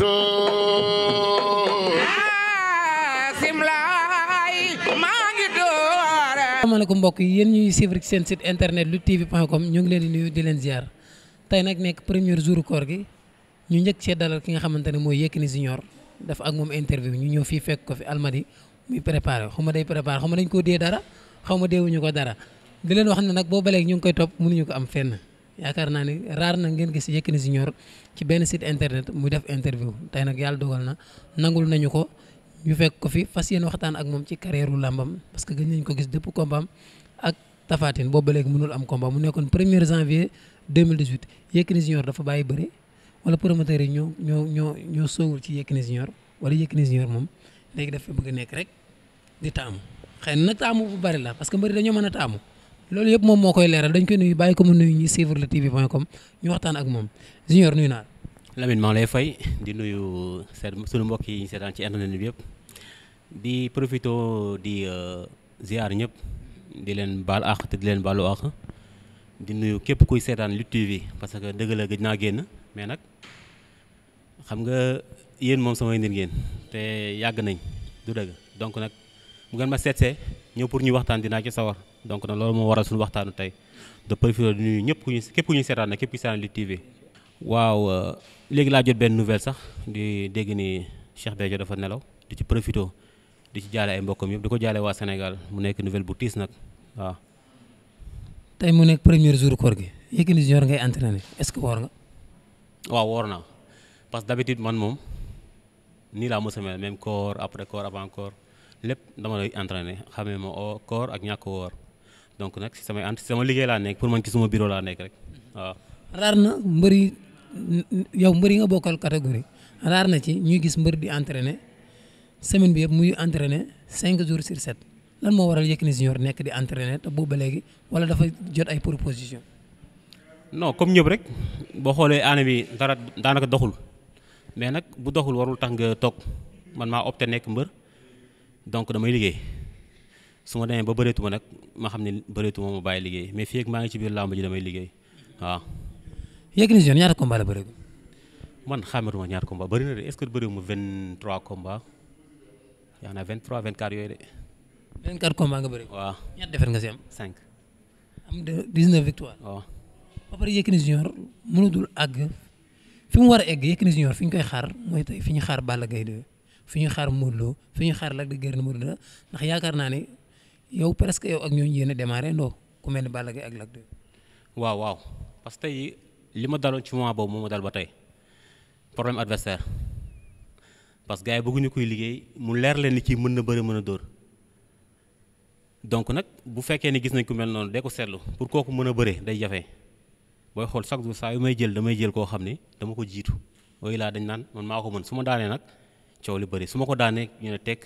ko ah, mbokk yi yéen ñuy suivre ci seen site internet lu tv point com ñu ngi leen di di leen ziar tey nekk nekk premier jour koor gi ñu njëkk see dalal ki nga xamante ne mooy Yékini Junior def ak moom interview ñu ñëw fii fekk ko fi di muy préparé xaw ma day préparé xaw ma dañ koo dee dara xaw ma deewuñu ko dara di leen wax ne nag boo ba léegi ñu ngi koy topp mënuñu ko am fenn yaakaar naa ni raar na ngeen gis Yékini Junior ci benn site internet mu def interview tey nag yàlla dogal na nangul nañu ko ñu fekk ko fi fas yéen waxtaan ak moom ci carrière làmbam parce que gën nañ ko gis dëpp kombaam ak Tafatine boobu ba léegi mënul am combat mu nekkoon 1er janvier 2018 Yékini Junior dafa bàyyi bëre wala promoteur yi ñoo ñoo ñoo ñoo soowul ci Yékini Junior wala Yékini Junior moom léegi dafa bëgg nekk rek di taamu xëy na nag taamu bu bari la parce que mbëri dañoo mën a taamu. loolu yëpp moom moo koy leeral dañ koy nuyu bàyyi ko mu nuyu ñi suivre le tv ñu waxtaan ak moom junior nuyu naa Lamine maa lay fay di nuyu seen suñu mbokk yi ñu seetaan ci internet bi di profito di euh, ziar ñëpp di leen baal àq te di leen baalu àq di nuyu képp kuy seetaan Lutte TV parce que dëgg la gëj naa génn mais nag xam nga yéen moom samay nit ngeen te yàgg nañ du dëgg bu ngeen ma seetsee ñëw pour ñuy waxtaan dinaa ci sawar donc na loolu moo waral suñu waxtaanu tey de profil du nuyu ñëpp ku ñu képp ku ñu seetaan nag képp ku ñu seetaan li TV. waaw euh, léegi laa jot benn nouvelle sax di dégg ni Cheikh Béthio dafa nelaw di ci profité di ci jaale ay mbokkam yëpp di ko jaale waa Sénégal mu nekk nouvelle bu tiis nag waaw. tey mu nekk premier jour koor gi Yékini Junior ngay entraîné est-ce que woor nga. waaw woor naa parce que d'habitude man moom laa mos a même koor après koor avant lépp dama lay entraîné xamee ma oo koor ak ñàkk woor donc nag si samay ent si liggéey laa nekk pour man ci suma bureau laa nekk rek waaw. raar na mbër yow mbër yi nga bokkal catégorie raar na ci ñuy gis mbër di entraîné semaine bi yëpp muy entraîné cinq jours sur sept lan moo waral Yékini Junior nekk di entraîné te boobu ba léegi wala dafa jot ay proposition non comme ñëpp rek boo xoolee année bi dara daanaka doxul mais nag bu doxul warul tax nga toog man maa nekk mbër. donc damay liggéey su ma demee ba bëreetuma nag ma xam ne bëreetuma ma bàyyi liggéey mais fii maa ngi ci biir làmb ji damay liggéey waaw. Yékini Junior ñaata combat la bëre man xàmmatuma ñaata combat bëri na de est-ce que bëriwuma 23 combat yaa na 23 24 yooyu de. 24 combat nga bëri. waaw ñaata defar nga si cinq am de 19 victoire. waaw ba pare Yékini Junior mënatul àgg fi mu war a egg Yékini koy xaar fi ñu xaar Balla Gaye fi ñu xaar Modou Lo fi ñu xaar Lac de Guiers numéro 2 ndax yaakaar naa ne yow presque yow ak ñooñu yéen a démarré ndoo ku mel ni Balla Gaye ak Lac de waaw waaw parce que tey li ma daloon ci moment boobu moo ma dal ba tey problème adversaire parce que gars bëgguñu koy liggéey mu leer leen ni ci mën na bëri mën a dóor donc nag bu fekkee ni gis nañ ku mel noonu de ko seetlu pour kooku mën a bëre day jafe booy xool chaque jour saa yu may jël damay jël koo xam ni dama ko jiitu ooy laa dañ naan man maa su ma daanee nag coow lu bëri su ma ko daanee ñu ne tekk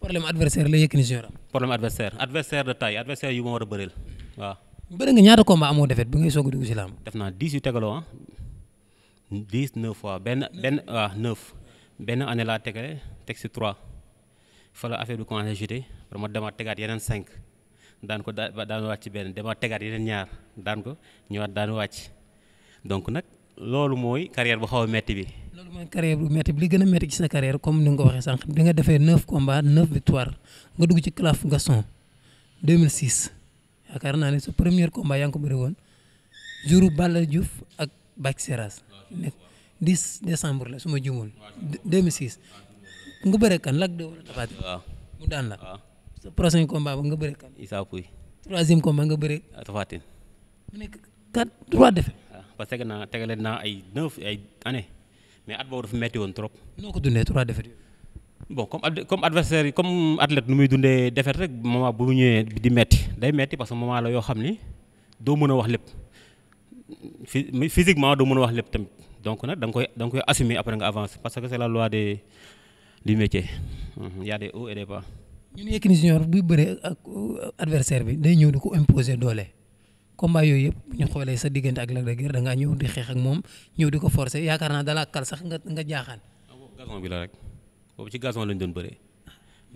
problème adversaire la Yékini Junior problème adversaire adversaire de taille adversaire yu ma war a bëreel waaw. bëri nga ñaata combat amoo defet bi ngay soog a dugg si làmb. def naa ah. fois benn benn waaw benn année laa tegale teg si trois fa la affaire bi commencé ma demaat tegaat yeneen cinq daan ko daa daan wàcc benn demaat tegaat yeneen ñaar daan ko ñëwaat daan wàcc donc nag loolu mooy carrière bu xaw a metti bi. amoon carrière bu métti a métti ci sa carrière comme ni nga ko waxee sànq bi defee neuf combats neuf victoire nga dugg ci CLAF Gaston 2006 yaakaar naa ne sa premier combat yaa ngi ko woon jour Balla Diouf ak Bac Seras nekk 10 la su ma juumul 2006 nga bëre kan Lac de wala Tapha Tine. waaw mu daan la. waaw sa prochain combat ba nga bëre kan. Issa Pouye. troisième combat nga bëre. Ah, a Tine. mu nekk 4 3 défaites. waaw ah, parce naa tegale naa ay 9 ay années. mais at boobu dafa metti woon trop. noo ko dundee trois défaites bon comme comme adversaire yi comme athlète nu muy dundee défaite rek moment bu ñëwee di metti day metti parce que moment la yoo xam ni doo mën a wax lépp physiquement doo mën a wax lépp tamit donc nag da nga koy da koy assumer après nga avance parce que c'est la loi des du métier mhm, y a des hauts et des bas. ñu ne Yékini Junior buy bëree ak adversaire bi day ñëw di ko imposer doole. combat yooyu yëpp ñu xoolee sa diggante ak Lac de Guiers ngaa ñëw di xeex ak moom ñëw di ko forcer yaakaar naa dalaa kal sax nga nga jaaxaan. Ah, gazon bi la rek boobu ci gazon lañ doon bëree.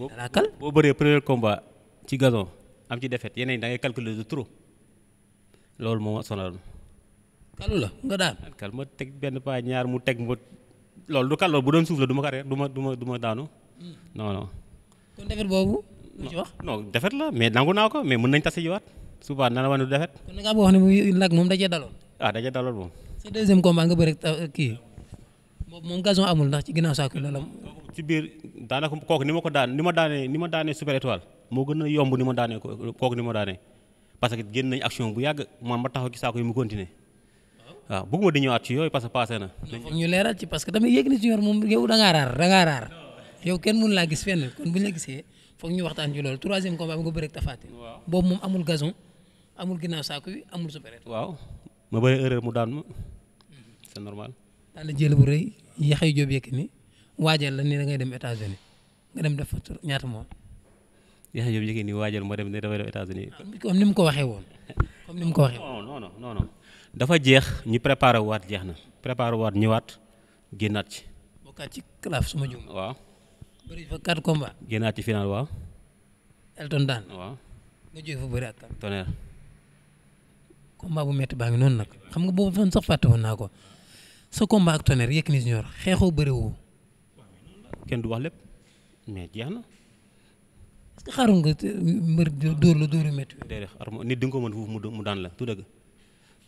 dalaa kal boo bëree premier combat ci gazon am ci defeet yeneen da ngay calculer de trop loolu moo sonaloon. kalu la nga daan. kal ma teg benn paa ñaar mu teg ma loolu du kal loolu bu doon suuf la du ma carré du ma du ma du ma daanu. Hmm. non non. kon boobu. lu ci la mais nangu naa ko mais mën nañ tase jiwaat. Souban na la wane du defet. Ah, ni ma ko super étoile moo gën a yomb ni ma daanee kooku ni ma daanee parce que génn nañ bu yàgg man ma taxaw ci saako yi mu continuer waaw bëgguma di ñëwaat ci yooyu parce que na. ñu leeral ci parce que tamit yéeg da ngaa raar da ngaa raar yow kenn ñu waxtaan ci loolu troisième combat bi nga bëri ak moom amul gazon. amul ginnaaw saako yi amul supérette. waaw ma bëri erreur mu daan ma c'est normal. daan la jël bu rëy yaxey Jóob Yékini waajal la ni da ngay dem États-Unis nga dem def fa ñaata mois. yaxey Jóob Yékini waajal ma dem ne damay dem États-Unis. Ah, comme ni mu ko waxee woon comme ni mu ko waxee woon. non non dafa jeex ñu préparé waat jeex na préparé waat ñëwaat génnaat ci. bokkaat ci claf suma juum. waaw. bëri fa quatre combats. génnaat ci final waaw. Elton daan waaw. combat bu métti baa ngi noonu nag xam nga boobu fan sax fàtte woon naa ko sa combat ak Tonnerre Yékini Junior xeexoo bëriwoo. kenn du wax lépp mais jeex na. est nga mbër dóor la dóoru métti. déedéet xaaral nit di nga ko mën fuuf mu daan la tu dëgg.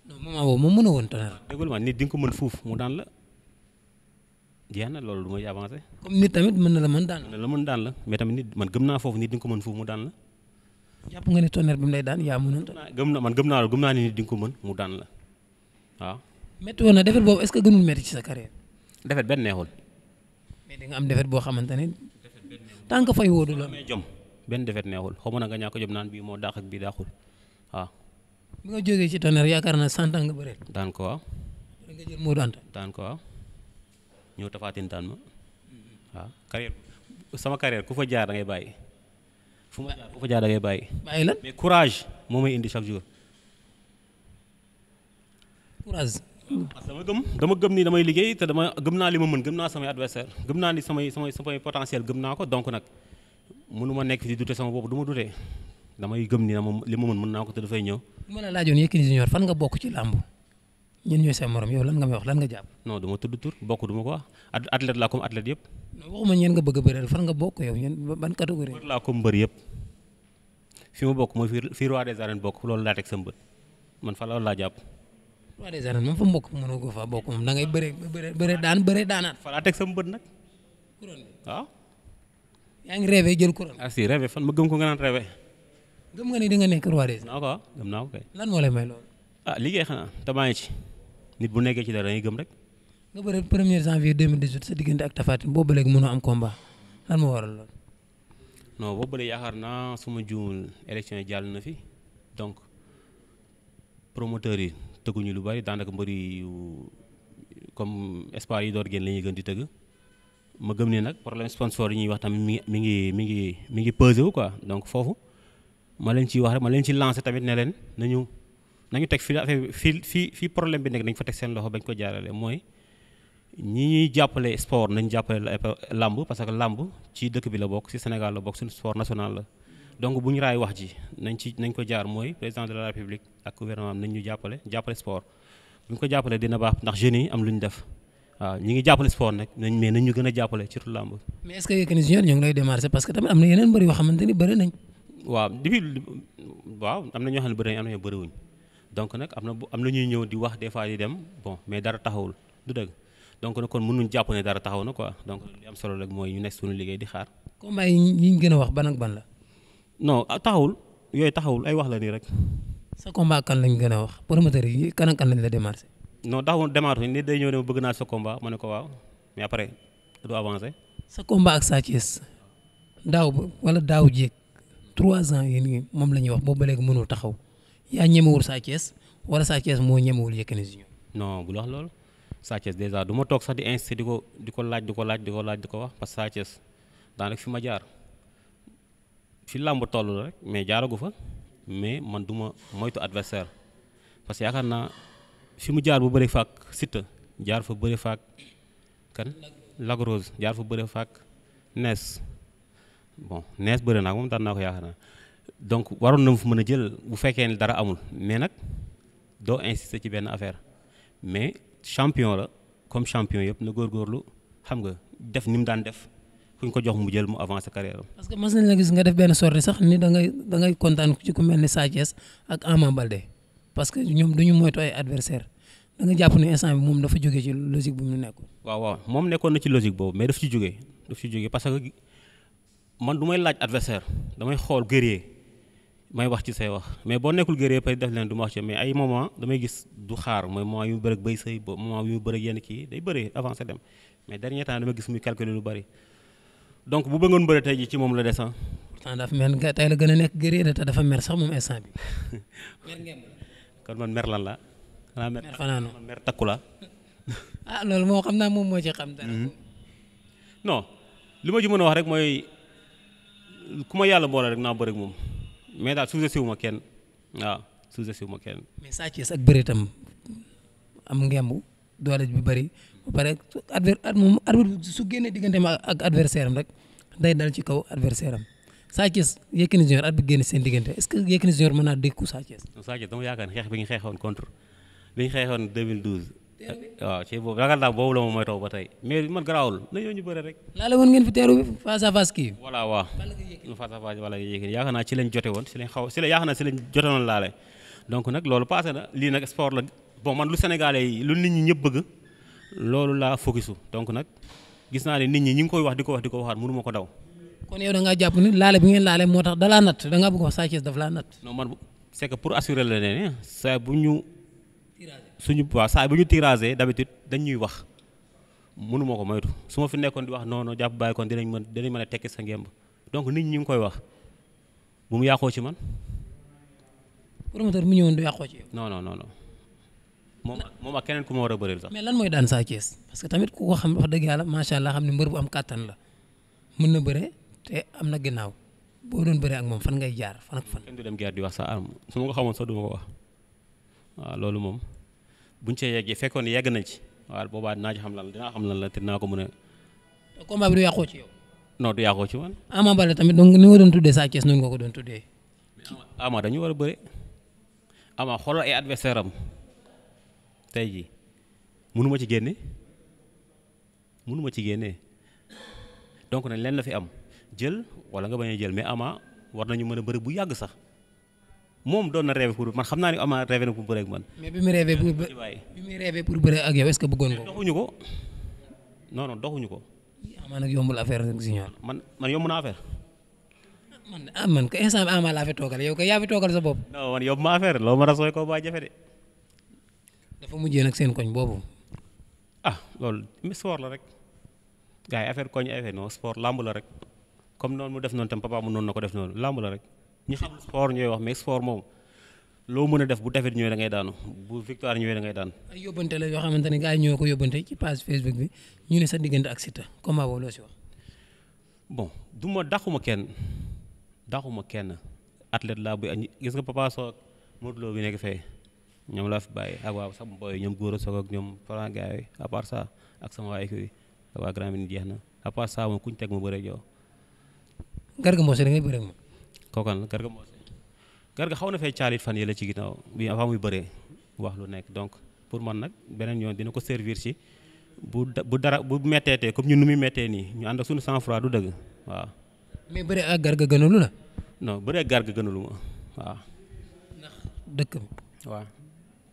non a woon Tonnerre. déggul ma nit di nga ko mën fuuf mu daan la. jeex na loolu du may avancé. comme nit tamit mën na la mën daan la. mën na la mën daan la mais tamit man gëm naa foofu nit di nga ko mën fuuf mu daan la. jàpp nga ne tonnerre bi mu lay daan yaa mënoon. gëm na man gëm naa gëm naa ne di nga ko mën mu daan la waaw. métti woon na defet boobu est-ce que gënul métti ci sa carrière. defet benn neexul. mais di nga am defet boo xamante ne. tant que fay wóodu la. jom benn defet neexul xaw ma na nga ñàkk jom naan bii moo daax ak bii daaxul nga jógee ci tonnerre yaakaar naa sant nga bëre. daan ko waaw. nga jël moo daan. daan ko waaw ñëw tafaatin daan waaw carrière sama carrière ku fa jaar da ngay bàyyi. fu ma jaar fu fa jaar da bàyyi. bàyyi lan mais courage moo may indi chaque jour. courage. parce dama gëm dama gëm ni damay liggéey te dama gëm naa li ma mën gëm naa samay adversaire gëm naa ni samay samay samay potentiel gëm naa ko donk nag mënu ma nekk di dute sama bopp duma ma dute damay gëm nii dama li ma mën mën naa ko te dafay ñëw. ma la laajoon Yékini fan nga bokk ci làmb. ñun ñooy say morom yow lan nga may wax lan nga jàpp. no du ma tudd tur bokk du ma ko wax athlète laa comme athlète yëpp. waxuma ñeen nga bëgg a bëri fan nga bokk yow ñeen laa comme mbër yëpp fi ma bokk mooy fii roi des loolu laa teg sa man fa loolu laa jàpp. roi des arènes bokk moom da ngay bëree bëree daan bëree daanaat. fa laa teg sa mbër nag. ngi rêvé jël couronne. ah si rêvé fan gëm ko nga naan rêvé. gëm nga ni di nga nekk roi des. naa ko kay. lan moo lay may loolu. ah liggéey xanaa te ci nit bu nekkee ci dara da ngay gëm rek. nga bëri premier janvier 2018 sa diggante ak Tapha Tine boobu ba léegi mënoo am combat lan moo waral loolu. non boobu de yaakaar naa suma juumul élection yi jàll na fi donc promoteurs yi tëgguñu lu bari daanaka mbëri comme espoir yi door génn la ñuy gën di tëgg ma gëm ne nag problème sponsor yi ñuy wax tamit mi mi ngi mi ngi mi ngi pesé wu quoi donc foofu ma leen ciy wax ma leen ci lancé tamit ne leen ñëw nañu teg fi affaire fii fii fii problème bi nekk nañu fa teg seen loxo bañ ko jaarale mooy ñi jàppale sport nañ jàppale làmb parce que làmb ci dëkk bi la bokk ci Sénégal la bokk suñu sport national la donc bu ñu raay wax ji nañ ci nañ ko jaar mooy président de la république ak gouvernement am nañ ñu jàppale jàppale sport bu ñu ko jàppalee dina baax ndax jeunes yi am lu ñu def waaw ñi ngi jàppale sport nag nañ mais nañ ñu gën a jàppale surtout làmb. mais est-ce que ñoo ngi lay démarrer parce que tamit am na yeneen mbër yoo xamante ni bëri nañ. waaw depuis na ñoo xam ne bëri nañ am na ñoo bëriwuñ donc nag am na am na ñuy ñëw di wax des fois di dem bon mais dara taxawul du dëgg donc nag kon mënuñ jàpp ne dara taxaw na quoi donc li am solo rek mooy ñu nekk liggéey di xaar. combat yi ñu gën a wax ban ban la. non ah, taxawul yooyu taxawul ay wax la nii rek. sa combat kan lañ gën a wax promoteur yi kan ak kan lañ la démarché. non taxawul démarché nit day ñëw bëgg naa sa combat ne ko waaw mais après du avancé. sa combat ak Sa Thiès daaw wala daaw jéeg trois ans yéen moom la ñuy wax boobu ba léegi mënul taxaw. yaa ñemewul Sa Thiès wala Sa Thiès moo ñemewul Yékini Junior non bu wax loolu Sa Thiès dèjà du ma toog sax di insisté di ko laaj di ko laaj di ko laaj di ko wax parce que Sa Thiès daanaka fi ma jaar fi làmb toll la rek mais jaaragu fa mais man duma ma moytu adversaire parce que yaakaar naa fi mu jaar bu bëri faak Siteu jaar fa bëri faak kan Lagrose jaar fa bëri faak nees bon nees bëri naa moom daan naa ko yaakaar naa donc waroon na mu fu mën a jël bu fekkee ne dara amul mais nag doo insister ci benn affaire mais champion la comme champion yëpp na góorgóorlu xam nga def ni mu daan def kuñ ko jox mu jël mu avancer carrière am. parce que mos nañ la gis nga def benn sortie sax ni da ngay da ngay kontaan ci ku mel ni Sa Thiès ak parce que ñoom duñu moytu ay adversaire da nga jàpp ne moom dafa jóge ci logique bu mu nekkoon. waaw moom nekkoon na ci boobu mais daf ci jóge daf ci jóge parce que man du may laaj adversaire damay xool guerrier may wax ci say wax mais boo nekkul géré peut def leen du ma wax ci mais ay moment damay gis du xaar mooy moment yu bëri ak bay sëy moment yu bëri ak yenn kii day bëri avancé dem mais dernier temps dama gis muy calculer lu bari donc bu bëggoon bëri tey ji ci moom la descend. pourtant dafa mel nga tey la gën a nekk géré de te dafa mer sax moom instant bi. mer ngeen kon man mer lan la. xanaa mer fanaanu mer takku la. ah loolu moo xam naa moom moo ci xam dara. Mm-hmm. non li ma ci mën a wax rek mooy ku ma yàlla boole rek naa bëri moom. mais daal suuse siwu ma kenn waaw suuse siwu ma kenn. mais Sa Thiès ak bëre tam am ngemb doole bi bëri ba pare adver at moom arbitre su ak adversaire am rek day dal ci kaw adversaire am Sa Thiès Yékini Junior at bi génn seen diggante est-ce que Yékini Junior Sa Thiès. Sa Thiès dama xeex bi ñu xeexoon contre bi ñu xeexoon 2012. waaw ci boobu yaakaar naa boobu la moom mooy taw ba tey mais man garaawul na ñoo ñu bëre rek. laale woon ngeen fi teeru bi face à face kii. voilà waaw face à face wala yéegi yaakaar naa ci lañ jote woon ci lañ xaw ci la yaakaar naa ci lañ jote woon laale donc nag loolu passé na lii nag sport la bon man lu Sénégalais lu nit ñi ñëpp bëgg loolu laa focusu donc nag gis naa ne nit ñi ñi koy wax di ko wax di ko waxaat mënu ko daw. kon yow da jàpp ni laale bi ngeen laale moo tax da laa natt suñu waaw saa bu ñu tirage d'habitude dañ ñuy wax mënu ko moytu su ma fi nekkoon di wax noonu jàpp bàyyi kon dinañ man dinañ mën a tekki sa ngemb donc nit ñi ngi koy wax bu mu yàqoo ci man. promoteur mu ñëwoon du yàqoo ci yow. non non moom moom ak keneen ku ma war a bëreel sax. mais lan mooy daan Sa Thiès parce que tamit ku ko xam wax dëgg macha allah xam ne mbër bu am kàttan la mën na bëre te am na ginnaaw boo doon bëree ak moom fan ngay jaar fan fan. kenn du dem guerre di wax sa arme su ma ko du ma buñ cee yeggee fekkoon yegg nañ ci waaw boobaa dinaa ci xam lan la dinaa xam lan la te dinaa ko mën a. te combat bi du yàqoo ci yow. non du yàqoo ci man. Ama Baldé tamit donc ni nga doon tuddee Sa Thiès noonu nga ko doon tuddee. Ama dañu war a bëre Ama xoolal ay adversaire am tey jii mënuma ci génne mënuma ci génne donc nag lenn la fi am jël wala nga bañ jël mais Ama war nañu mën a bëri bu yàgg sax. moom doon na rêvé pour man xam naa ni Ama rêvé na pour bëre ak man. mais bi mu rêvé pour bi mu rêvé pour bëre ak yow est-ce ko. doxuñu ko non non doxuñu ko. Ah, mu nag yombul affaire man man yomb naa affaire. man ah man ko instant bi Ama laa fi ko sa bopp. non man yomb ma affaire loo ma rasooy ko baa jafe de. dafa mujjee nag seen koñ boobu. ah loolu mi sport la rek gars yi affaire koñ affaire rek comme noonu mu def noonu tam papa mu noonu na ko def noonu làmb la rek. ñi xam sport ñooy wax mais sport moom loo mën a def bu défaite ñëwee da ngay daanu bu victoire ñëwee da daan. ay yóbbante la yoo xamante ne gars yi ñoo ko yóbbante ci page Facebook bi ñu ne sa diggante ak Siteu combat boobu loo si wax. bon du ma daxuma kenn daxuma kenn athlète laa buy gis nga Papa Sow ak bi nekk fee ñoom laa fi bàyyi ak waa sama boy ñoom Gora Sow ak ñoom Franc gars yi ak sama waa équipe waa Grand jeex na à part moom ku ñu teg ma bëre ak yow. Garga Mbossé da ngay bëre kookan la garga xaw na fee caalit fan yële ci ginaaw bi avant muy bëree wax lu nekk donc pour man nag beneen yoon dina ko servir si bu bu dara bu metteetee comme ñu nu muy mettee nii ñu ànd ak suñu sang froid du dëgg waaw. mais bëri ak garga gënalu la. non bëri ak garga gënalu ma ndax dëkk bi.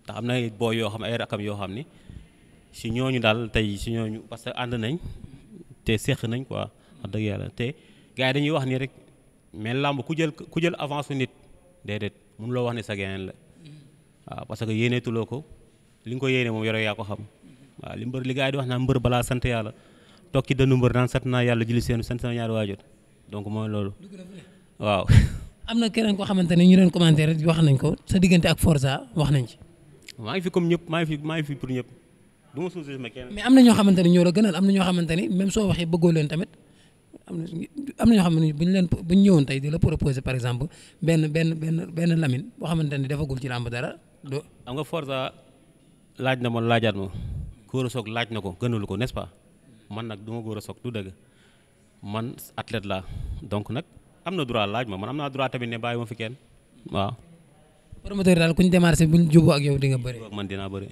te am na ay booy yoo xam ay rakam yoo xam ni si ñooñu daal tey si ñooñu parce que ànd nañ te seq nañ quoi wax dëgg yàlla te gars yi dañuy wax nii rek mais làmb ku jël ku jël avance su nit déedéet mun loo wax ne sa la waaw parce que yéeneetuloo ko li nga ko yéene moom yore yaa ko xam waaw li mbër li gars yi di wax naan mbër balaa sant yàlla toog ci dënnu mbër naan sant naa yàlla julli seen sant sama ñaari waajur donc mooy loolu waaw. am na keneen koo xamante ne ñu doon commentaire wax nañ ko sa diggante ak Forza wax nañ ci. maa ngi fi comme ñëpp maa ngi fi maa ngi fi pour ñëpp ma suuf mais am na ne ñoo la ñoo xamante ne même soo waxee bëggoo leen tamit am na am na ñoo xam ne bu ñu leen bu ñu ñëwoon tey di la proposer par exemple benn benn benn benn lamine boo xamante ne defagul ci làmb dara. do am nga Forza laaj na ma laajaat ma Gora Sock laaj na ko gënalu ko n'est-ce pas man nag du ma Gora Sock du dëgg man athlète laa donc nag am na droit laaj ma man am naa droit tamit ne bàyyi ma fi kenn waaw. promoteur daal ku ñu démarré bu ñu juboo ak yow di nga bëri. man dinaa bëri.